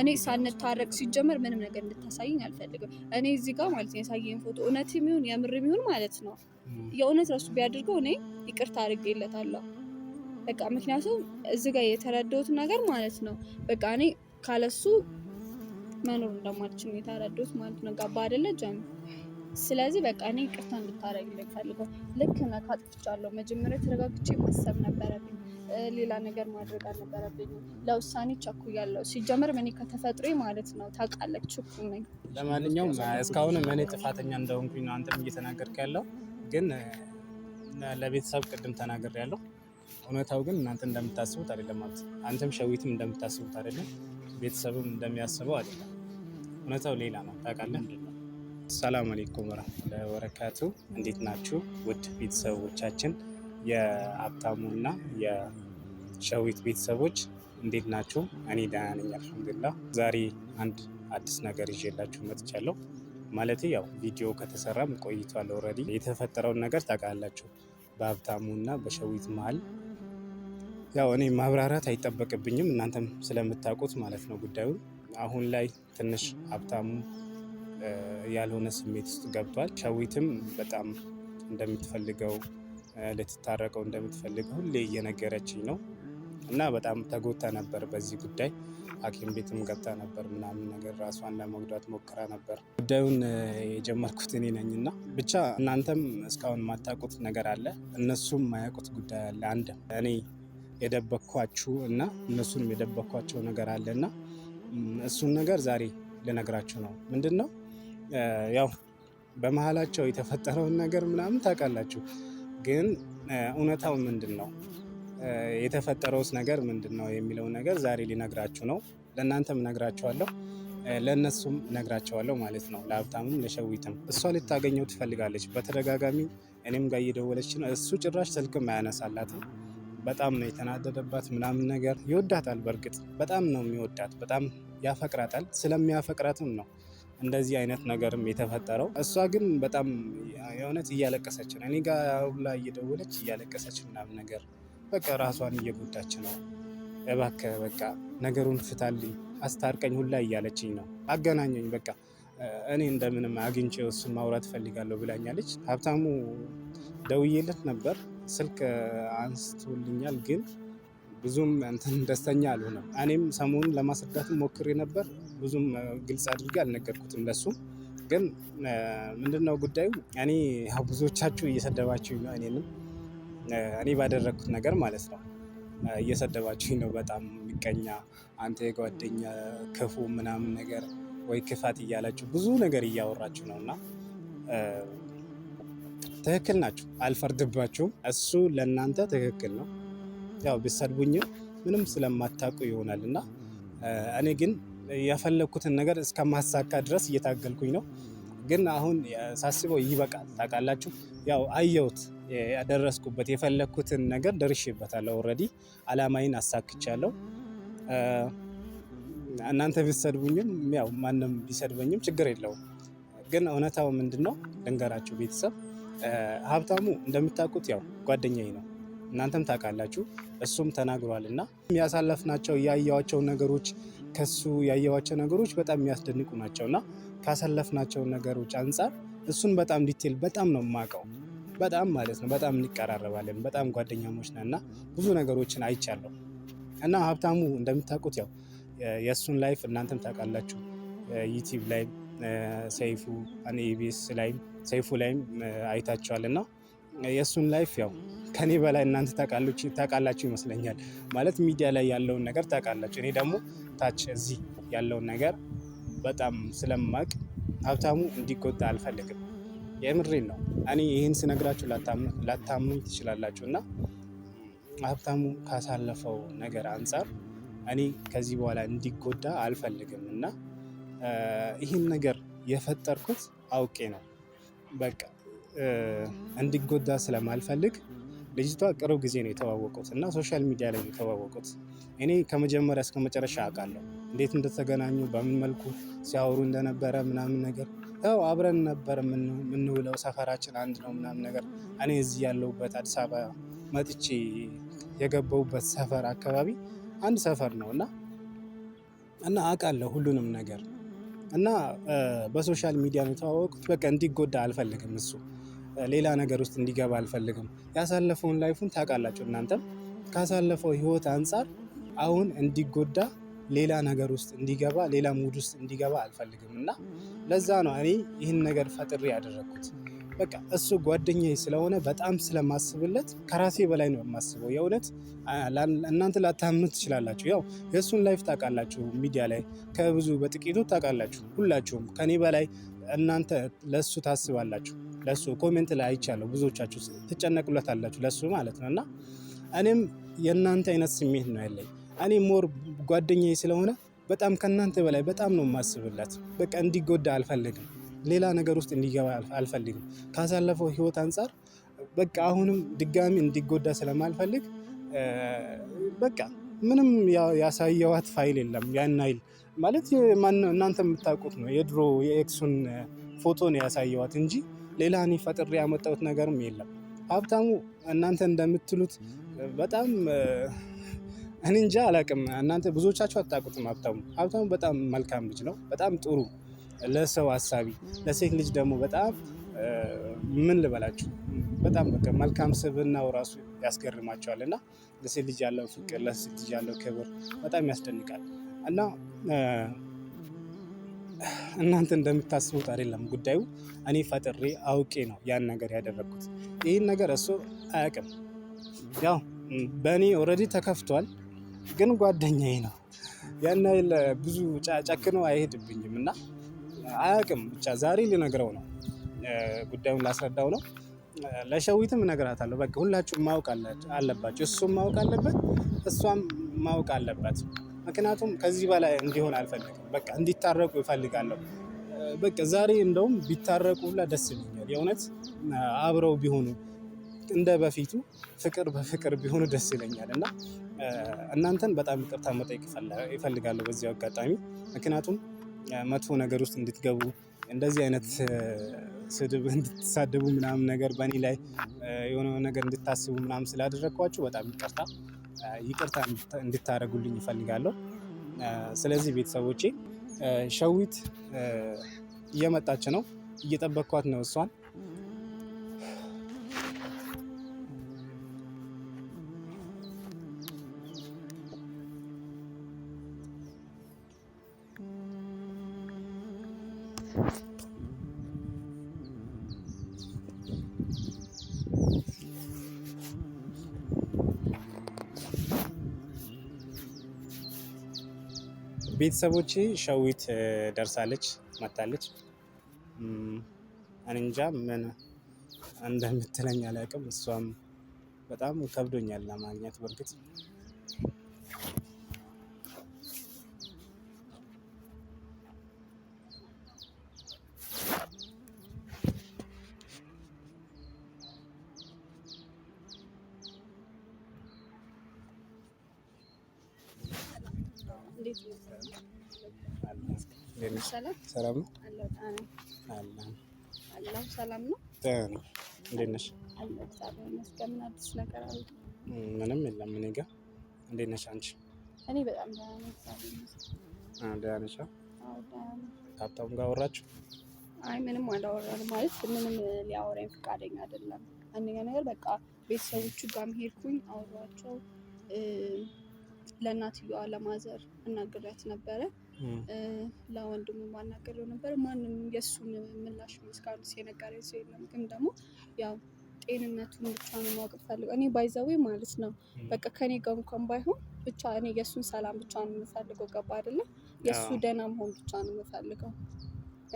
እኔ ሳንታረቅ ሲጀመር ምንም ነገር እንድታሳይኝ አልፈልግም። እኔ እዚህ ጋር ማለት ነው ያሳየኝ ፎቶ እውነት የሚሆን የምር የሚሆን ማለት ነው የእውነት ረሱ ቢያደርገው እኔ ይቅርታ አድርጌለታለሁ። በቃ ምክንያቱም እዚህ ጋር የተረዳሁት ነገር ማለት ነው በቃ እኔ ካለሱ መኖር እንደማልችል የተረዳሁት ማለት ነው። ጋባ አይደለ ጀም ስለዚህ በቃ እኔ ይቅርታ እንድታደርግልኝ ፈልገው ልክ ነህ፣ ካጥፍቻለሁ። መጀመሪያ ተረጋግቼ ማሰብ ነበረብኝ። ሌላ ነገር ማድረግ አልነበረብኝም። ለውሳኔ ያለው ሲጀመር እኔ ከተፈጥሮ ማለት ነው ታውቃለች፣ ለማንኛውም እስካሁን እኔ ጥፋተኛ እንደሆንኩኝ ነው አንተም እየተናገርክ ያለው። ግን ለቤተሰብ ቅድም ተናገር ያለው እውነታው ግን እናንተ እንደምታስቡት አይደለም ማለት አንተም ሸዊትም እንደምታስቡት አይደለም፣ ቤተሰብም እንደሚያስበው አይደለም። እውነታው ሌላ ነው ታውቃለህ። ሰላም አሌይኩም ወረህመቱላሂ ወበረካቱ። እንዴት ናችሁ ውድ ቤተሰቦቻችን የአብታሙ እና ሸዊት ቤተሰቦች እንዴት ናችሁ? እኔ ደህና ነኝ አልሐምዱሊላህ። ዛሬ አንድ አዲስ ነገር ይዤላችሁ መጥቻለሁ። ማለት ያው ቪዲዮ ከተሰራም ቆይቷል። ኦልሬዲ የተፈጠረውን ነገር ታውቃላችሁ፣ በሀብታሙ እና በሸዊት መሀል። ያው እኔ ማብራራት አይጠበቅብኝም እናንተም ስለምታውቁት ማለት ነው ጉዳዩን። አሁን ላይ ትንሽ ሀብታሙ ያልሆነ ስሜት ውስጥ ገብቷል። ሸዊትም በጣም እንደምትፈልገው ልትታረቀው እንደምትፈልገው ሁሌ እየነገረችኝ ነው። እና በጣም ተጎታ ነበር። በዚህ ጉዳይ ሐኪም ቤትም ገብታ ነበር ምናምን ነገር ራሷን ለመጉዳት ሞክራ ነበር። ጉዳዩን የጀመርኩት እኔ ነኝ እና ብቻ እናንተም እስካሁን የማታውቁት ነገር አለ፣ እነሱም የማያውቁት ጉዳይ አለ። አንድ እኔ የደበኳችሁ እና እነሱንም የደበኳቸው ነገር አለ እና እሱን ነገር ዛሬ ልነግራችሁ ነው። ምንድን ነው ያው በመሀላቸው የተፈጠረውን ነገር ምናምን ታውቃላችሁ፣ ግን እውነታው ምንድን ነው የተፈጠረውስ ነገር ምንድን ነው የሚለው ነገር ዛሬ ሊነግራችሁ ነው። ለእናንተም ነግራችኋለሁ፣ ለእነሱም ነግራቸዋለሁ ማለት ነው። ለሀብታምም ለሸዊትም እሷ ልታገኘው ትፈልጋለች በተደጋጋሚ እኔም ጋር እየደወለች ነው። እሱ ጭራሽ ስልክም አያነሳላትም። በጣም ነው የተናደደባት ምናምን ነገር ይወዳታል። በእርግጥ በጣም ነው የሚወዳት፣ በጣም ያፈቅራታል። ስለሚያፈቅራትም ነው እንደዚህ አይነት ነገርም የተፈጠረው። እሷ ግን በጣም የእውነት እያለቀሰች ነው። እኔ ጋር ሁላ እየደወለች እያለቀሰች ምናምን ነገር በቃ ራሷን እየጎዳች ነው። እባከ በቃ ነገሩን ፍታልኝ፣ አስታርቀኝ ሁላ እያለችኝ ነው። አገናኘኝ በቃ እኔ እንደምንም አግኝቼ እሱን ማውራት ፈልጋለሁ ብላኛለች። ሀብታሙ ደውዬለት ነበር፣ ስልክ አንስቶልኛል፣ ግን ብዙም እንትን ደስተኛ አልሆነም። እኔም ሰሞኑን ለማስረዳትም ሞክሬ ነበር፣ ብዙም ግልጽ አድርጌ አልነገርኩትም ለሱ። ግን ምንድነው ጉዳዩ እኔ ብዙዎቻችሁ እየሰደባችሁ ነው እኔንም እኔ ባደረግኩት ነገር ማለት ነው። እየሰደባችሁኝ ነው። በጣም ምቀኛ፣ አንተ የጓደኛ ክፉ ምናምን ነገር ወይ ክፋት እያላችሁ ብዙ ነገር እያወራችሁ ነው እና ትክክል ናችሁ። አልፈርድባችሁም። እሱ ለእናንተ ትክክል ነው። ያው ቢሰድቡኝም ምንም ስለማታውቁ ይሆናል እና እኔ ግን የፈለግኩትን ነገር እስከማሳካ ድረስ እየታገልኩኝ ነው። ግን አሁን ሳስበው ይበቃል። ታውቃላችሁ ያው አየሁት ያደረስኩበት የፈለግኩትን ነገር ደርሼበታለሁ። ኦልሬዲ አላማዬን አሳክቻለሁ። እናንተ ቢሰድቡኝም ያው ማንም ቢሰድበኝም ችግር የለውም። ግን እውነታው ምንድን ነው ልንገራችሁ ቤተሰብ። ሀብታሙ እንደምታውቁት ያው ጓደኛዬ ነው፣ እናንተም ታውቃላችሁ። እሱም ተናግሯል እና ያሳለፍናቸው ያየዋቸው ነገሮች ከሱ ያየዋቸው ነገሮች በጣም የሚያስደንቁ ናቸው እና ካሳለፍናቸው ነገሮች አንጻር እሱን በጣም ዲቴል በጣም ነው የማውቀው በጣም ማለት ነው በጣም እንቀራረባለን። በጣም ጓደኛሞች ነን እና ብዙ ነገሮችን አይቻለሁ እና ሀብታሙ እንደምታውቁት ያው የእሱን ላይፍ እናንተም ታውቃላችሁ። ዩቲዩብ ላይ ሰይፉ ኢቢኤስ ላይም ሰይፉ ላይም አይታችኋል እና የእሱን ላይፍ ያው ከኔ በላይ እናንተ ታውቃላችሁ ይመስለኛል። ማለት ሚዲያ ላይ ያለውን ነገር ታውቃላችሁ። እኔ ደግሞ ታች እዚህ ያለውን ነገር በጣም ስለማቅ ሀብታሙ እንዲጎዳ አልፈልግም። የምሬን ነው። እኔ ይህን ስነግራችሁ ላታምኑኝ ትችላላችሁ እና ሀብታሙ ካሳለፈው ነገር አንጻር እኔ ከዚህ በኋላ እንዲጎዳ አልፈልግም እና ይህን ነገር የፈጠርኩት አውቄ ነው። በቃ እንዲጎዳ ስለማልፈልግ ልጅቷ ቅርብ ጊዜ ነው የተዋወቁት እና ሶሻል ሚዲያ ላይ ነው የተዋወቁት። እኔ ከመጀመሪያ እስከ መጨረሻ አውቃለሁ እንዴት እንደተገናኙ፣ በምን መልኩ ሲያወሩ እንደነበረ ምናምን ነገር ያው አብረን ነበር የምንውለው። ሰፈራችን አንድ ነው ምናምን ነገር እኔ እዚህ ያለሁበት አዲስ አበባ መጥቼ የገባሁበት ሰፈር አካባቢ አንድ ሰፈር ነው እና እና አውቃለሁ ሁሉንም ነገር እና በሶሻል ሚዲያ የተዋወቁት በቃ እንዲጎዳ አልፈልግም። እሱ ሌላ ነገር ውስጥ እንዲገባ አልፈልግም። ያሳለፈውን ላይፉን ታውቃላችሁ እናንተም ካሳለፈው ህይወት አንጻር አሁን እንዲጎዳ ሌላ ነገር ውስጥ እንዲገባ ሌላ ሙድ ውስጥ እንዲገባ አልፈልግም እና ለዛ ነው እኔ ይህን ነገር ፈጥሬ ያደረግኩት። በቃ እሱ ጓደኛዬ ስለሆነ በጣም ስለማስብለት ከራሴ በላይ ነው የማስበው። የእውነት እናንተ ላታምኑ ትችላላችሁ። ያው የእሱን ላይፍ ታውቃላችሁ፣ ሚዲያ ላይ ከብዙ በጥቂቱ ታውቃላችሁ። ሁላችሁም ከኔ በላይ እናንተ ለእሱ ታስባላችሁ። ለእሱ ኮሜንት ላይ አይቻለሁ፣ ብዙዎቻችሁ ትጨነቁለታላችሁ ለእሱ ማለት ነው እና እኔም የእናንተ አይነት ስሜት ነው ያለኝ እኔ ሞር ጓደኛዬ ስለሆነ በጣም ከእናንተ በላይ በጣም ነው የማስብለት በቃ እንዲጎዳ አልፈልግም። ሌላ ነገር ውስጥ እንዲገባ አልፈልግም። ካሳለፈው ህይወት አንጻር በቃ አሁንም ድጋሚ እንዲጎዳ ስለማልፈልግ በቃ ምንም ያሳየዋት ፋይል የለም። ያን አይል ማለት እናንተ የምታውቁት ነው። የድሮ የኤክሱን ፎቶ ነው ያሳየዋት እንጂ ሌላ እኔ ፈጥሬ ያመጣሁት ነገርም የለም። ሀብታሙ እናንተ እንደምትሉት በጣም እኔ እንጃ አላቅም። እናንተ ብዙዎቻችሁ አታውቁትም። ሀብታሙ ሀብታሙ በጣም መልካም ልጅ ነው። በጣም ጥሩ ለሰው አሳቢ፣ ለሴት ልጅ ደግሞ በጣም ምን ልበላችሁ በጣም በቃ መልካም ስብዕናው ራሱ ያስገርማቸዋል። እና ለሴት ልጅ ያለው ፍቅር፣ ለሴት ልጅ ያለው ክብር በጣም ያስደንቃል። እና እናንተ እንደምታስቡት አይደለም ጉዳዩ። እኔ ፈጥሬ አውቄ ነው ያን ነገር ያደረግኩት። ይህን ነገር እሱ አያውቅም። ያው በእኔ ኦልሬዲ ተከፍቷል። ግን ጓደኛዬ ነው። ያን ያህል ብዙ ጨክኖ አይሄድብኝም እና አያውቅም። ብቻ ዛሬ ልነግረው ነው ጉዳዩን ላስረዳው ነው። ለሸዊትም እነግራታለሁ። በቃ ሁላችሁም ማወቅ አለባቸው። እሱም ማወቅ አለበት፣ እሷም ማወቅ አለባት። ምክንያቱም ከዚህ በላይ እንዲሆን አልፈልግም። በቃ እንዲታረቁ ይፈልጋለሁ። በቃ ዛሬ እንደውም ቢታረቁ ሁላ ደስ ይለኛል። የእውነት አብረው ቢሆኑ እንደ በፊቱ ፍቅር በፍቅር ቢሆኑ ደስ ይለኛል እና እናንተን በጣም ይቅርታ መጠየቅ ይፈልጋለሁ በዚህ አጋጣሚ። ምክንያቱም መጥፎ ነገር ውስጥ እንድትገቡ እንደዚህ አይነት ስድብ እንድትሳደቡ ምናምን ነገር በእኔ ላይ የሆነ ነገር እንድታስቡ ምናምን ስላደረግኳችሁ በጣም ይቅርታ ይቅርታ እንድታደርጉልኝ ይፈልጋለሁ። ስለዚህ ቤተሰቦቼ ሸዊት እየመጣች ነው፣ እየጠበቅኳት ነው እሷን ቤተሰቦች ሸዊት ደርሳለች መታለች። እንጃ ምን እንደምትለኝ አላውቅም። እሷም በጣም ከብዶኛል ለማግኘት በእርግጥ ሰላም ሰላም ነው። አላህ ሰላም ነው። እንዴት ነሽ? ምን አዲስ ነገር አለ? ምንም የለም። እኔ ጋር እንዴት ነሽ አንቺ? እኔ በጣም ደህና ነኝ። ከሀብታሙ ጋር አወራችሁ? አይ ምንም አላወራንም። ማለት ምንም ሊያወራኝ ፈቃደኛ አይደለም። አንደኛ ነገር በቃ ቤተሰቦቹ ጋር ሄድኩኝ፣ አወራኋቸው ለእናትየዋ ለማዘር አናግሪያት ነበረ። ለወንድሙ ማናገሬው ነበር። ማንም የእሱን ምላሽ እስካሁን የነገረኝ ሰው የለም። ግን ደግሞ ያው ጤንነቱን ብቻ ነው ማወቅ ፈልገው እኔ ባይዘዌ ማለት ነው በቃ ከኔ ጋር እንኳን ባይሆን ብቻ እኔ የእሱን ሰላም ብቻ ነው የምፈልገው። ገባ አይደለም? የእሱ ደህና መሆን ብቻ ነው የምፈልገው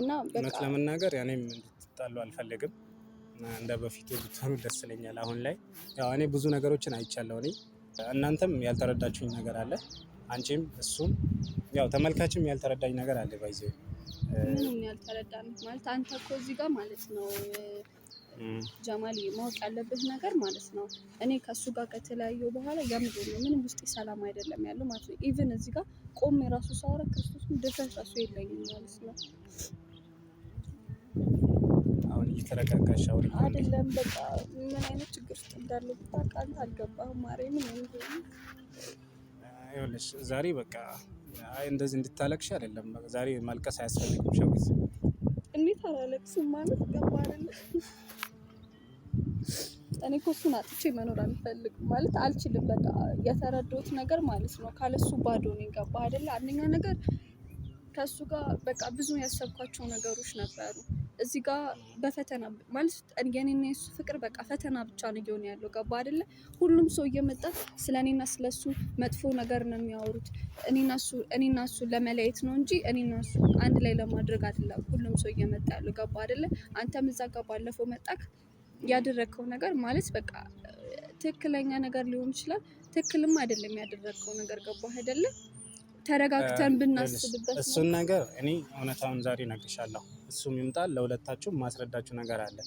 እና እውነት ለመናገር ያኔም እንድትጣሉ አልፈልግም። እንደ በፊቱ ብትሆኑ ደስ ይለኛል። አሁን ላይ ያው እኔ ብዙ ነገሮችን አይቻለሁ እኔ እናንተም ያልተረዳችሁኝ ነገር አለ። አንቺም እሱም ያው ተመልካችም ያልተረዳኝ ነገር አለ። ባይዘ ምንም ያልተረዳን ማለት አንተ እኮ እዚህ ጋር ማለት ነው ጀማል፣ ማወቅ ያለብህ ነገር ማለት ነው እኔ ከእሱ ጋር ከተለያየው በኋላ ያምዶ ነው ምንም ውስጤ ሰላም አይደለም ያለው ማለት ነው። ኢቨን እዚህ ጋር ቆም የራሱ ሳወራ ክርስቶስም ድፍረት ራሱ የለኝም ማለት ነው። እየተረጋጋሽ አውሪ። አይደለም በቃ ምን አይነት ችግር ውስጥ እንዳለው ብታውቃለህ። አልገባህም ማርያም። ይኸውልሽ ዛሬ በቃ አይ እንደዚህ እንድታለቅሽ አይደለም። ዛሬ ማልቀስ አያስፈልግም። ሸዊት እንዴት አላለቅስም ማለት ገባለን። እኔ እኮ እሱን አጥቼ መኖር አልፈልግም ማለት አልችልም። በቃ የተረዶት ነገር ማለት ነው ካለሱ ባዶ ነው። ይገባህ አይደለ? አንደኛ ነገር ከእሱ ጋር በቃ ብዙ ያሰብኳቸው ነገሮች ነበሩ እዚህ ጋር በፈተና ማለት የኔና የሱ ፍቅር በቃ ፈተና ብቻ ነው እየሆነ ያለው። ገባ አደለ? ሁሉም ሰው እየመጣ ስለ እኔና ስለ እሱ መጥፎ ነገር ነው የሚያወሩት። እኔና እሱ ለመለየት ነው እንጂ እኔና እሱ አንድ ላይ ለማድረግ አይደለም። ሁሉም ሰው እየመጣ ያለው። ገባ አደለ? አንተም እዛ ጋር ባለፈው መጣክ ያደረግከው ነገር ማለት በቃ ትክክለኛ ነገር ሊሆን ይችላል። ትክክልም አይደለም ያደረግከው ነገር። ገባ አደለ? ተረጋግተን ብናስብበት እሱን ነገር እኔ እውነታውን ዛሬ ነግሻለሁ እሱም ይምጣል። ለሁለታችሁ ማስረዳችሁ ነገር አለ።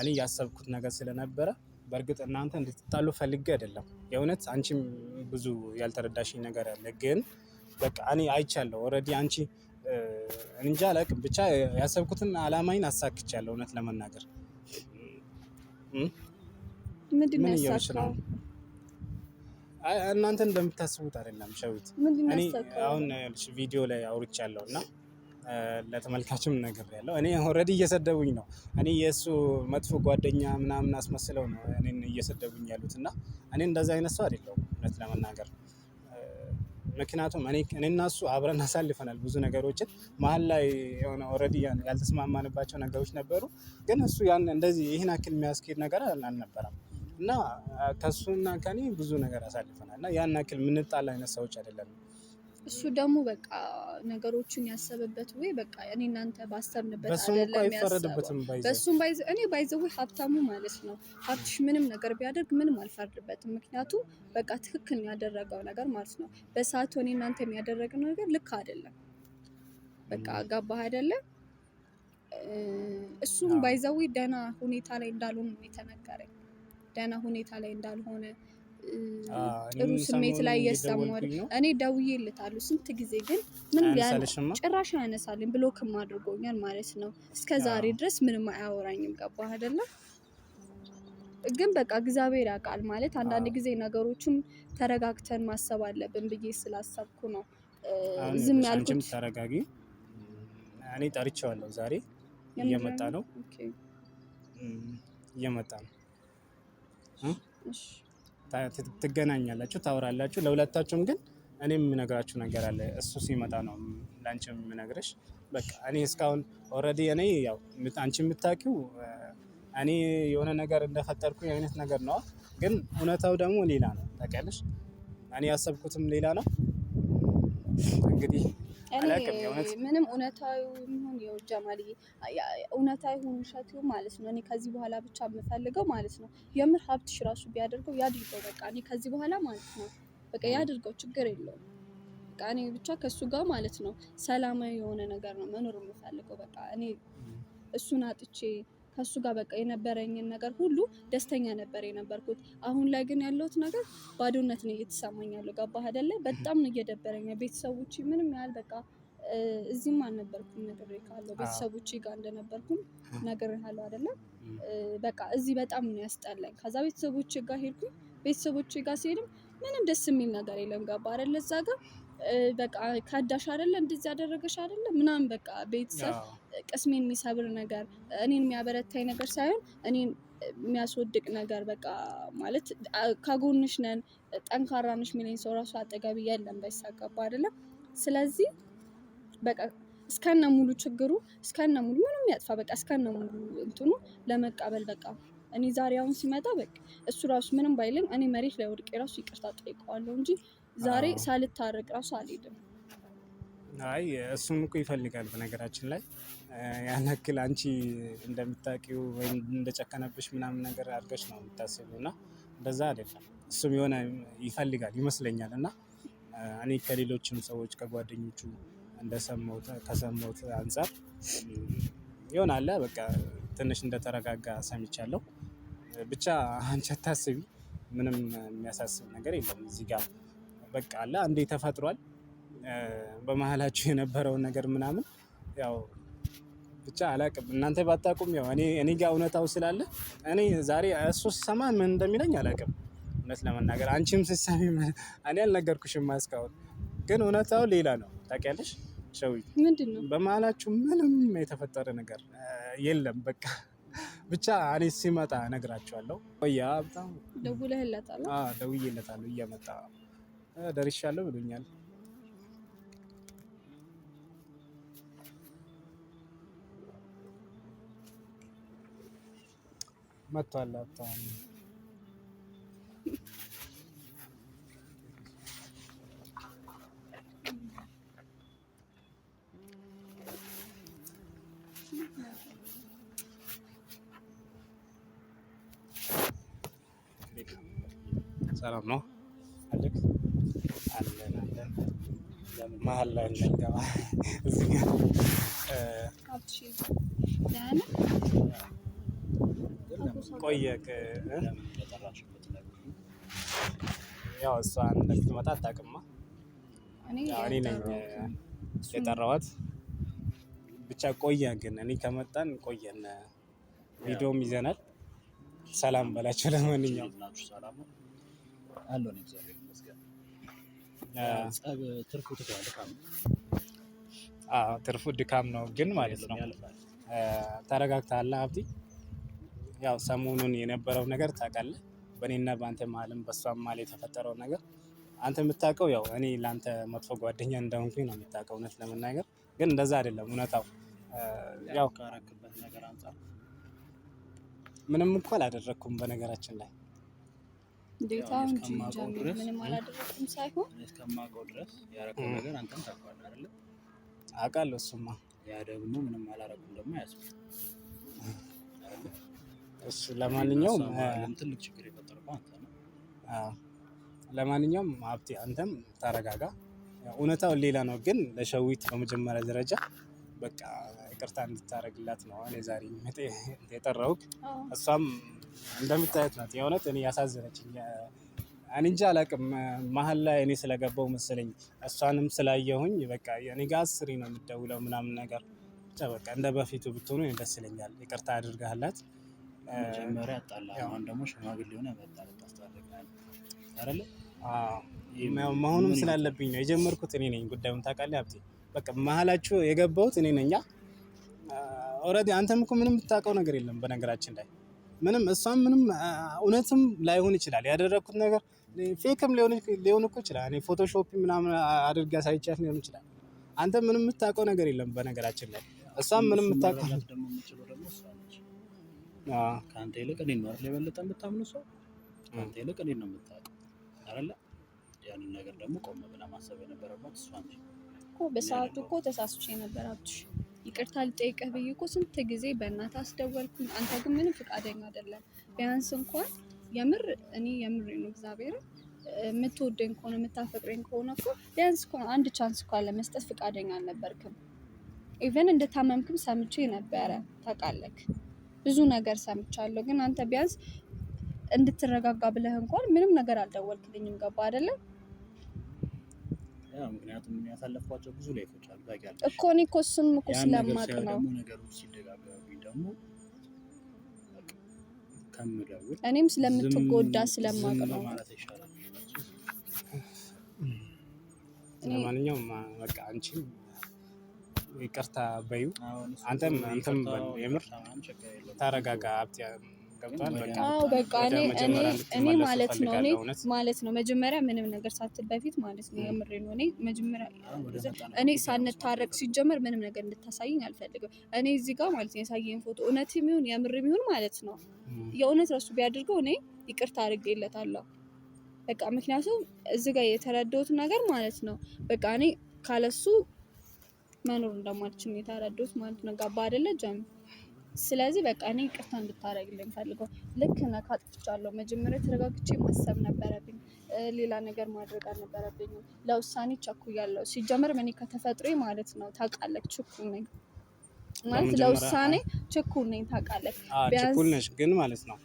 እኔ ያሰብኩት ነገር ስለነበረ በእርግጥ እናንተ እንድትጣሉ ፈልጌ አይደለም። የእውነት አንቺም ብዙ ያልተረዳሽኝ ነገር አለ። ግን በቃ እኔ አይቻለሁ ኦልሬዲ አንቺ እንጃ አላውቅም፣ ብቻ ያሰብኩትን አላማይን አሳክቻለሁ። እውነት ለመናገር ምን እየሆንሽ ነው? እናንተ እንደምታስቡት አይደለም ሸዊት። እኔ አሁን ቪዲዮ ላይ አውርቻለሁ እና ለተመልካችም ያለው እኔ ኦልሬዲ እየሰደቡኝ ነው። እኔ የእሱ መጥፎ ጓደኛ ምናምን አስመስለው ነው እኔን እየሰደቡኝ ያሉት እና እኔ እንደዛ አይነት ሰው አይደለሁም እውነት ለመናገር ምክንያቱም እኔ እሱ አብረን አሳልፈናል ብዙ ነገሮችን። መሀል ላይ የሆነ ኦልሬዲ ያልተስማማንባቸው ነገሮች ነበሩ፣ ግን እሱ ያን እንደዚህ ይህን አክል የሚያስኬድ ነገር አልነበረም እና ከእሱና ከኔ ብዙ ነገር አሳልፈናል እና ያን አክል የምንጣላ አይነት ሰዎች አይደለም። እሱ ደግሞ በቃ ነገሮችን ያሰበበት ወይ በቃ እኔ እናንተ ባሰብንበት አይደለም በሱም ባይዘ እኔ ባይዘው ሀብታሙ ማለት ነው ሀብትሽ ምንም ነገር ቢያደርግ ምንም አልፈርድበትም። ምክንያቱም በቃ ትክክል ያደረገው ነገር ማለት ነው በሰዓቱ እኔ እናንተ የሚያደረገው ነገር ልክ አይደለም። በቃ ገባህ አይደለም? እሱም ባይዘዌ ደህና ሁኔታ ላይ እንዳልሆነ ነው የተነገረኝ። ደህና ሁኔታ ላይ እንዳልሆነ ጥሩ ስሜት ላይ እየሰማሁህ እኔ ደውዬለታለሁ ስንት ጊዜ ግን ምን ጭራሽ አያነሳልኝ ብሎክም አድርጎኛል ማለት ነው። እስከ ዛሬ ድረስ ምንም አያወራኝም። ገባ አደለ ግን በቃ እግዚአብሔር ያውቃል ማለት አንዳንድ ጊዜ ነገሮችን ተረጋግተን ማሰብ አለብን ብዬ ስላሰብኩ ነው ዝም ያልኩት። ተረጋጊ። እኔ ጠርቼዋለሁ ዛሬ እየመጣ ነው እየመጣ ነው። ትገናኛላችሁ፣ ታወራላችሁ። ለሁለታችሁም ግን እኔም የምነግራችሁ ነገር አለ። እሱ ሲመጣ ነው ለአንቺ የምነግርሽ። በቃ እኔ እስካሁን ኦልሬዲ እኔ ያው አንቺ የምታውቂው እኔ የሆነ ነገር እንደፈጠርኩ አይነት ነገር ነው፣ ግን እውነታው ደግሞ ሌላ ነው። ታውቂያለሽ፣ እኔ ያሰብኩትም ሌላ ነው እንግዲህ ምንም እውነታዊ የሚሆን የውጃ እውነታዊ ሆኑ ውሸቱ ማለት ነው። እኔ ከዚህ በኋላ ብቻ የምፈልገው ማለት ነው የምር ሀብትሽ ራሱ ቢያደርገው ያድርገው። በቃ እኔ ከዚህ በኋላ ማለት ነው በቃ ያድርገው፣ ችግር የለውም። በቃ እኔ ብቻ ከእሱ ጋር ማለት ነው ሰላማዊ የሆነ ነገር ነው መኖር የምፈልገው። በቃ እኔ እሱን አጥቼ ከሱ ጋር በቃ የነበረኝን ነገር ሁሉ ደስተኛ ነበር የነበርኩት። አሁን ላይ ግን ያለሁት ነገር ባዶነት ነው እየተሰማኝ ያለው። ገባህ አይደለ? በጣም ነው እየደበረኝ። ቤተሰቦች ምንም ያህል በቃ እዚህም አልነበርኩም ነግሬ ካለው ቤተሰቦች ጋር እንደነበርኩም ነግሬ ካለው አይደለም በቃ እዚህ በጣም ነው ያስጠላኝ። ከዛ ቤተሰቦች ጋር ሄድኩኝ። ቤተሰቦች ጋር ሲሄድም ምንም ደስ የሚል ነገር የለም። ገባ አይደለ? እዛ ጋር በቃ ከዳሽ አይደለ? እንደዚህ ያደረገሽ አይደለ? ምናምን በቃ ቤተሰብ ቅስሜን የሚሰብር ነገር እኔን የሚያበረታኝ ነገር ሳይሆን እኔን የሚያስወድቅ ነገር በቃ ማለት ከጎንሽ ነን ጠንካራ ነሽ የሚለኝ ሰው ራሱ አጠገቢ የለም። ባይሳቀባ አይደለም። ስለዚህ በቃ እስከነ ሙሉ ችግሩ እስከነ ሙሉ ምንም ያጥፋ በቃ እስከነ ሙሉ እንትኑ ለመቀበል በቃ እኔ ዛሬ አሁን ሲመጣ በቃ እሱ ራሱ ምንም ባይልም እኔ መሬት ላይ ወድቄ ራሱ ይቅርታ ጠይቀዋለሁ እንጂ ዛሬ ሳልታረቅ ራሱ አልሄድም። አይ እሱም እኮ ይፈልጋል። በነገራችን ላይ ያን ያክል አንቺ እንደምታውቂው ወይም እንደጨከነብሽ ምናምን ነገር አድርገሽ ነው የምታስቢው እና እንደዛ አይደለም። እሱም የሆነ ይፈልጋል ይመስለኛል እና እኔ ከሌሎችም ሰዎች ከጓደኞቹ እንደሰማሁት ከሰማሁት አንጻር ይሆናለ በቃ ትንሽ እንደተረጋጋ ሰምቻለሁ። ብቻ አንቺ አታስቢ፣ ምንም የሚያሳስብ ነገር የለም እዚህ ጋር በቃ አለ አንዴ ተፈጥሯል በመሀላችሁ የነበረውን ነገር ምናምን ያው ብቻ አላቅም። እናንተ ባታቁም ያው እኔ እኔ ጋር እውነታው ስላለ እኔ ዛሬ እሱ ስሰማ ምን እንደሚለኝ አላቅም። እውነት ለመናገር አንቺም ስትሰሚ እኔ አልነገርኩሽም እስካሁን፣ ግን እውነታው ሌላ ነው ታውቂያለሽ። ሸዊት ምንድነው በመሃላችሁ ምንም የተፈጠረ ነገር የለም። በቃ ብቻ እኔ ሲመጣ እነግራችኋለሁ። ያ በጣም ደውለህለታለሁ? አዎ ደውዬለታለሁ። እየመጣ ደርሻለሁ ብሎኛል። መጥቷል። ሰላም ነው አለን አለን መሀል ላይ እንዳይገባ እዚህ ጋር ቆየ ያው እሷ አታውቅማ። እኔ ነኝ የጠራዋት። ብቻ ቆየ ግን እኔ ከመጣን ቆየን። ቪዲዮም ይዘናል። ሰላም በላቸው። ለማንኛውም ትርፉ ድካም ነው ግን ማለት ነው። ተረጋግተሃል ሀብቴ? ያው ሰሞኑን የነበረው ነገር ታውቃለህ፣ በእኔና በአንተ መሀልም በእሷም መሀል የተፈጠረው ነገር አንተ የምታውቀው ያው እኔ ለአንተ መጥፎ ጓደኛ እንደሆንኩኝ ነው የምታውቀው። እውነት ለመናገር ግን እንደዛ አይደለም እውነታው። ያው ካረክበት ነገር አንጻር ምንም እኮ አላደረግኩም በነገራችን ላይ እንዴታ እንጂ ምንም አላደረግኩም ሳይሆን እስከማውቀው ድረስ ያረከው ነገር አንተም ታውቀዋለህ አይደል? አውቃለሁ። እሱማ ያ ደግሞ ምንም አላረኩም ደግሞ ያስብ እሱ ለማንኛውም ትልቅ ችግር የፈጠረው አንተ ነው። ለማንኛውም ሀብቴ አንተም ተረጋጋ። እውነታው ሌላ ነው፣ ግን ለሸዊት በመጀመሪያ ደረጃ በቃ ይቅርታ እንድታደርግላት ነው እኔ ዛሬ የጠራሁት። እሷም እንደምታየት ናት። የእውነት እኔ ያሳዘነችኝ እኔ እንጂ አላቅም መሀል ላይ እኔ ስለገባው መሰለኝ እሷንም ስላየሁኝ በቃ እኔ ጋር አስሪ ነው የምደውለው ምናምን ነገር ብቻ በቃ እንደ በፊቱ ብትሆኑ ደስ ይለኛል። ይቅርታ አድርገህላት መጀመሪያ አጣላ፣ አሁን ደግሞ ሽማግሌ ሆነ መጣ ልታስታርቃል አይደለ? መሆኑም ስላለብኝ ነው የጀመርኩት። እኔ ነኝ ጉዳዩን ታውቃለህ ሀብቴ። በቃ መሀላችሁ የገባሁት እኔ ነኛ። ኦልሬዲ አንተም እኮ ምንም የምታውቀው ነገር የለም በነገራችን ላይ ምንም እሷም ምንም እውነትም ላይሆን ይችላል ያደረግኩት ነገር ፌክም ሊሆን እኮ ይችላል። እኔ ፎቶሾፕ ምናምን አድርጌ አሳይቻት ሊሆን ይችላል። አንተ ምንም የምታውቀው ነገር የለም በነገራችን ላይ እሷም ምንም የምታውቀው ከአንተ ይልቅ እኔ ነው አይደል የበለጠ የምታምኑ ሰው ከአንተ ይልቅ እኔ ነው የምታውቀው አይደለ? ያንን ነገር ደግሞ ቆም ብላ ማሰብ የነበረባት እሷ እንጂ እኮ በሰዓቱ እኮ ተሳስቼ ነበር። አብትሽ ይቅርታ ልጠይቅህ ብዬ እኮ ስንት ጊዜ በእናትህ አስደወልኩኝ። አንተ ግን ምንም ፈቃደኛ አይደለም። ቢያንስ እንኳን የምር እኔ የምር ነው እግዚአብሔር የምትወደኝ ከሆነ የምታፈቅረኝ ከሆነ እኮ ቢያንስ እኮ አንድ ቻንስ እኮ ለመስጠት ፈቃደኛ አልነበርክም። ኢቨን እንደታመምክም ሰምቼ ነበረ ታውቃለህ። ብዙ ነገር ሰምቻለሁ። ግን አንተ ቢያንስ እንድትረጋጋ ብለህ እንኳን ምንም ነገር አልደወልክልኝም። ገባ አይደለም? ምክንያቱም ያሳለፍኳቸው ብዙ ላይፎች አሉ ታውቂያለሽ እኮ እኔ እኮ እሱም እኮ ስለማውቅ ነው። ነገሮች ሲደጋገሩብኝ ደግሞ ከምደውል እኔም ስለምትጎዳ ስለማቅ ነው ማለት ይሻላል። ለማንኛውም በቃ አንቺ ይቅርታ በዩ አንተም አንተም የምር ታረጋጋ። ሀብት ገብቷል። በቃ እኔ ማለት ነው እኔ ማለት ነው መጀመሪያ ምንም ነገር ሳትል በፊት ማለት ነው የምሬ ነው። እኔ መጀመሪያ እኔ ሳንታረቅ ሲጀመር ምንም ነገር እንድታሳይኝ አልፈልግም። እኔ እዚህ ጋር ማለት ነው ያሳየኝ ፎቶ እውነት የሚሆን የምር የሚሆን ማለት ነው የእውነት ረሱ ቢያደርገው እኔ ይቅርታ አድርጌለታለሁ። በቃ ምክንያቱም እዚህ ጋር የተረዳሁት ነገር ማለት ነው በቃ እኔ ካለሱ መኖር እንደማልችል ሁኔታ ማለት ነው። ገባ አይደለ ጀም? ስለዚህ በቃ እኔ ቅርታ እንድታደርግልኝ ፈልገው። ልክ ነህ፣ አጥፍቻለሁ። መጀመሪያ ተረጋግቼ ማሰብ ነበረብኝ። ሌላ ነገር ማድረግ አልነበረብኝም። ለውሳኔ ቸኩያለሁ። ሲጀመር እኔ ከተፈጥሮ ማለት ነው ታውቃለህ፣ ችኩል ነኝ ማለት ለውሳኔ ችኩል ነኝ ታውቃለህ። ችኩል ነሽ ግን ማለት ነው።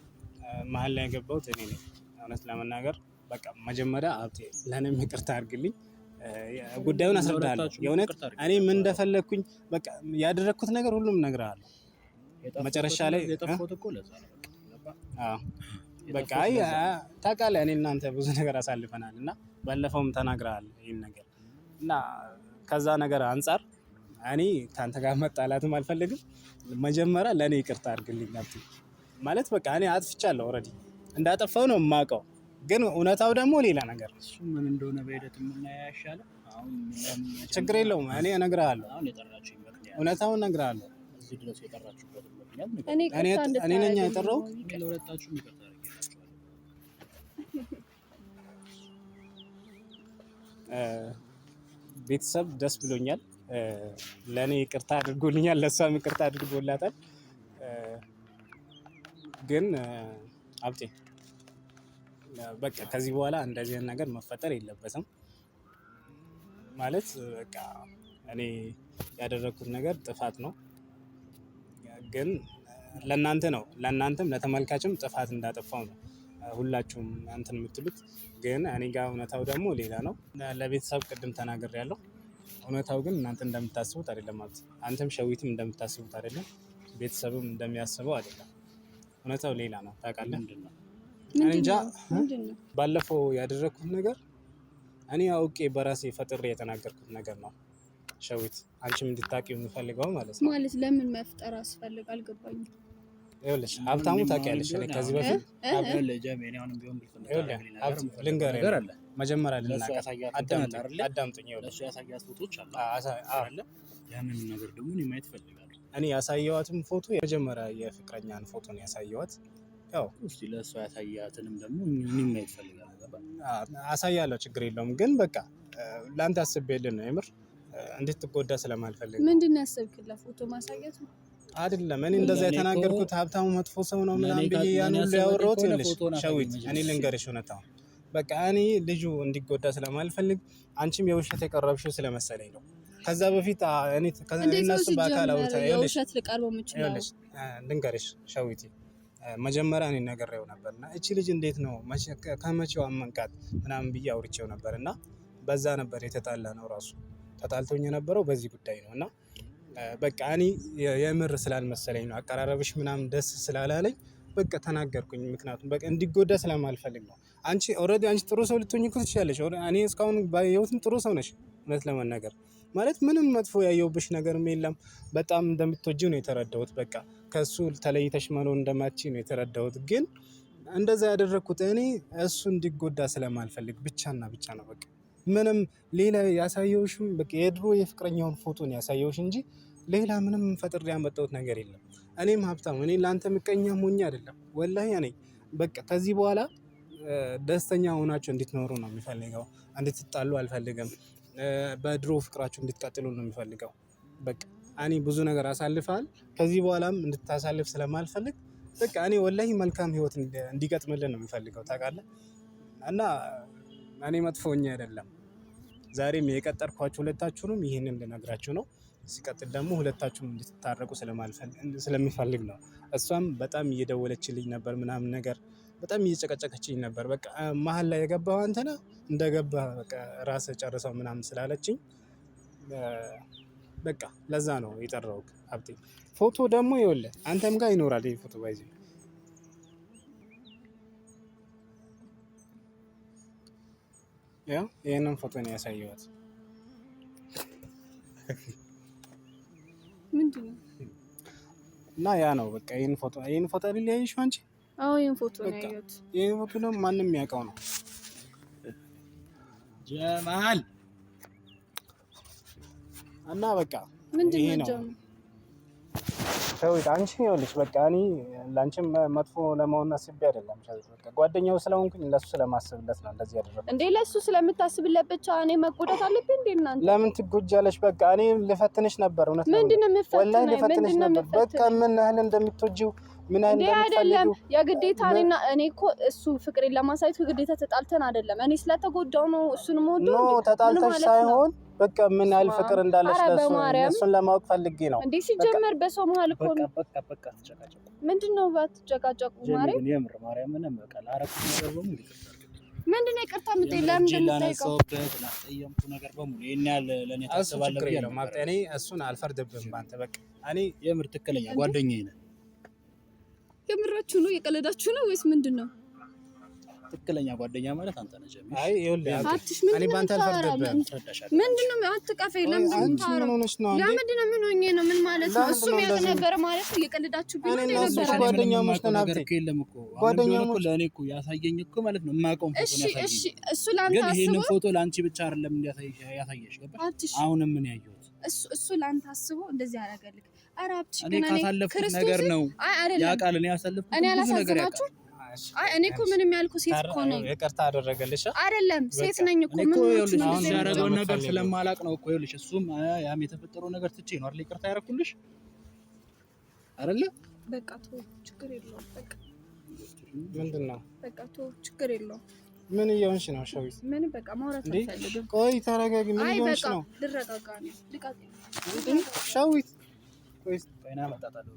መሀል ላይ የገባሁት እኔ ነኝ እውነት ለመናገር በቃ መጀመሪያ ለእኔም ይቅርታ አድርግልኝ ጉዳዩን አስረዳለሁ። የእውነት እኔ ምን እንደፈለግኩኝ በቃ ያደረግኩት ነገር ሁሉም እነግርሃለሁ። መጨረሻ ላይ በቃ አይ ታውቃለህ፣ እኔ እናንተ ብዙ ነገር አሳልፈናል እና ባለፈውም ተናግረሃል ይህን ነገር እና ከዛ ነገር አንጻር እኔ ከአንተ ጋር መጣላትም አልፈልግም። መጀመሪያ ለእኔ ይቅርታ አድርግልኝ ማለት በቃ እኔ አጥፍቻለሁ። ኦልሬዲ እንዳጠፋው ነው የማውቀው ግን እውነታው ደግሞ ሌላ ነገር እሱ ምን እንደሆነ በሂደት የምናየው አይሻልም? ችግር የለውም። እኔ እነግርሃለሁ፣ እውነታውን እነግርሃለሁ። እኔ ነኝ የጠራው። ቤተሰብ ደስ ብሎኛል። ለእኔ ይቅርታ አድርጎልኛል፣ ለእሷም ይቅርታ አድርጎላታል። ግን አብጤ በቃ ከዚህ በኋላ እንደዚህ ነገር መፈጠር የለበትም ማለት በቃ እኔ ያደረግኩት ነገር ጥፋት ነው፣ ግን ለእናንተ ነው ለእናንተም ለተመልካችም ጥፋት እንዳጠፋው ነው ሁላችሁም እንትን የምትሉት ግን እኔ ጋር እውነታው ደግሞ ሌላ ነው። ለቤተሰብ ቅድም ተናገር ያለው እውነታው ግን እናንተ እንደምታስቡት አይደለም። ማለት አንተም ሸዊትም እንደምታስቡት አይደለም፣ ቤተሰብም እንደሚያስበው አይደለም። እውነታው ሌላ ነው። ታውቃለህ ምንድን ነው እንጃ ባለፈው ያደረግኩት ነገር እኔ አውቄ በራሴ ፈጥሬ የተናገርኩት ነገር ነው። ሸዊት አንቺም እንድታቂው የምፈልገው ማለት ነው። ማለት ለምን መፍጠር አስፈልግ አልገባኝም። ይኸውልሽ ሀብታሙ ታውቂያለሽ፣ እኔ ከዚህ በፊት ልንገር መጀመሪያ ልናገር አዳምጡኝ። እኔ ያሳየዋትም ፎቶ የመጀመሪያ የፍቅረኛን ፎቶ ነው ያሳየዋት ያው እስቲ ለእሷ ያሳያትንም ደግሞ እኔም ማየት አሳያለሁ፣ ችግር የለውም ግን በቃ ለአንተ አስቤልን ነው የምር እንድትጎዳ ስለማልፈልግ። ምንድን ነው ያሰብክላ? ፎቶ ማሳየት ነው አይደለም። እኔ እንደዛ የተናገርኩት ሀብታሙ መጥፎ ሰው ነው ምናምን ብዬ ያን ሁሉ ያወራሁት ይኸውልሽ፣ ሸዊት እኔ ልንገርሽ እውነታውን በቃ እኔ ልጁ እንዲጎዳ ስለማልፈልግ አንቺም የውሸት የቀረብሽው ስለመሰለኝ ነው። ከዛ በፊት እኔ ከእነሱ በአካል አውርተን ልንገርሽ ሸዊቴ መጀመሪያ እኔ ነግሬው ነበር እና እቺ ልጅ እንዴት ነው ከመቼው አመንቃት ምናምን ብዬ አውርቼው ነበር እና በዛ ነበር የተጣላ ነው ራሱ ተጣልቶኝ የነበረው በዚህ ጉዳይ ነው። እና በቃ እኔ የምር ስላልመሰለኝ ነው አቀራረብሽ ምናምን ደስ ስላላለኝ በቃ ተናገርኩኝ። ምክንያቱም በቃ እንዲጎዳ ስለማልፈልግ ነው። አንቺ ኦልሬዲ አንቺ ጥሩ ሰው ልትሆኝ እኮ ትችላለሽ። እኔ እስካሁን ባየሁትም ጥሩ ሰው ነሽ። እውነት ለመናገር ማለት ምንም መጥፎ ያየሁብሽ ነገርም የለም። በጣም እንደምትወጂው ነው የተረዳሁት በቃ ከሱ ተለይተሽ መኖር እንደማቺ ነው የተረዳሁት። ግን እንደዛ ያደረግኩት እኔ እሱ እንዲጎዳ ስለማልፈልግ ብቻና ብቻ ነው። በቃ ምንም ሌላ ያሳየውሽም በቃ የድሮ የፍቅረኛውን ፎቶን ያሳየውሽ እንጂ ሌላ ምንም ፈጥር ያመጣሁት ነገር የለም። እኔም ሀብታም እኔ ለአንተ ምቀኛ ሞኝ አይደለም። ወላሂ እኔ በቃ ከዚህ በኋላ ደስተኛ ሆናችሁ እንድትኖሩ ነው የሚፈልገው። እንድትጣሉ አልፈልግም። በድሮ ፍቅራችሁ እንድትቀጥሉ ነው የሚፈልገው በቃ እኔ ብዙ ነገር አሳልፈሃል ከዚህ በኋላም እንድታሳልፍ ስለማልፈልግ በቃ እኔ ወላሂ መልካም ህይወት እንዲገጥምልን ነው የምፈልገው ታውቃለህ። እና እኔ መጥፎኛ አይደለም። ዛሬም የቀጠርኳችሁ ሁለታችሁንም ይህንን ልነግራችሁ ነው። ሲቀጥል ደግሞ ሁለታችሁም እንድትታረቁ ስለሚፈልግ ነው። እሷም በጣም እየደወለችልኝ ነበር ምናምን ነገር በጣም እየጨቀጨቀችኝ ነበር በቃ መሀል ላይ የገባው አንተ እንደገባ እንደገባህ በቃ ጨርሰው ምናምን ስላለችኝ። በቃ ለዛ ነው የጠራሁት ሀብቴ። ፎቶ ደግሞ ይወለ አንተም ጋር ይኖራል ይህ ፎቶ ባይዚ ይህንን ፎቶ ነው ያሳየዋት። እና ያ ነው በቃ ይህን ፎቶ ይህን ፎቶ አይደል ያየሽው አንቺ? አዎ ይህን ፎቶ ነው ያየሁት። ይህን ፎቶ ደግሞ ማንም የሚያውቀው ነው ጀማል እና በቃ ምንድን ነው ሸዊት አንቺ ይኸውልሽ፣ በቃ እኔ ለአንቺም መጥፎ ለመሆን አስቤ አይደለም። ጓደኛው ስለሆንኩኝ ለሱ ስለማስብለት ነው እንደዚህ ያደረኩት። እንዴ ለሱ ስለምታስብለት ብቻ እኔ መጎዳት አለብኝ እንዴ? እናንተ ለምን ትጎጃለሽ? በቃ እኔ ልፈትንሽ ነበር። እውነት ምንድን ነው የምፈትነው? ወላሂ ልፈትንሽ ነበር። በቃ ምን ያህል እንደምትወጂው ምን አይደለም የግዴታ እኔና እኔ እኮ እሱ ፍቅሬን ለማሳየት ግዴታ ተጣልተን አይደለም። እኔ ስለተጎዳው ነው እሱን ሞዶ ኖ ተጣልተሽ ሳይሆን በቃ ምን ያህል ፍቅር እንዳለሽ እሱን ለማወቅ ፈልጌ ነው። እንዴ ሲጀመር በሰው መሀል እኮ ነው። በቃ በቃ ምንድነው ባትጨቃጨቁ ማርያም ምን ምን ምንድነው ይቅርታ የምትይ ለምንድን ነው ነገር በሙሉ ለኔ እሱን አልፈርድብህም በአንተ በቃ እኔ የምር ትክክለኛ ጓደኛዬ ነህ የምራችሁ ነው? የቀለዳችሁ ነው ወይስ ምንድን ነው? ትክክለኛ ጓደኛ ማለት አንተ ነህ። አይ ይኸውልህ፣ አትሽ ምንድን ነው አትቀፈኝ። ለምንድን ነው ምን ሆኜ ነው? ምን ማለት ነው? እሱም ያለ ነበረ ማለት ነው። እየቀለዳችሁብኝ ነው የነበረ። ጓደኛሞች ነን እኮ ጓደኛሞች። ለእኔ እኮ ያሳየኝ እኮ ማለት ነው የማውቀውን ፎቶ ነው ያሳየኝ። እሺ እሱ ለአንተ አስቦ፣ ግን ይሄንን ፎቶ ለአንቺ ብቻ አይደለም ያሳየሽ። ገባሽ? አሁንም ምን ያየሁት እሱ እሱ ለአንተ አስቦ እንደዚህ አደረገልህ እኔ ካሳለፍኩት ነገር ነው ያውቃል። እኔ ያሳለፍኩት ነገር ያውቃል። አይ እኔ እኮ ምንም ያልኩ ሴት እኮ ነኝ። ይቅርታ አደረገልሽ አይደለም? ሴት ነኝ እኮ ምንም ያደረገውን ነገር ስለማላቅ ነው እኮ ይኸውልሽ። እሱም ያም የተፈጠረው ነገር ትቼ ነው አይደል ይቅርታ ያደረኩልሽ አይደለ? በቃ ተወው፣ ችግር የለውም። በቃ ምንድን ነው? በቃ ተወው፣ ችግር የለውም። ምን እየሆንሽ ነው ሸዊት? ምን በቃ ማውራት አልፈልግም። ቆይ ተረጋጊ። ምን እየሆንሽ ነው? ልረጋጋ ነው። ልቃጤ ሸዊት ወይስ ጤና መጣጣል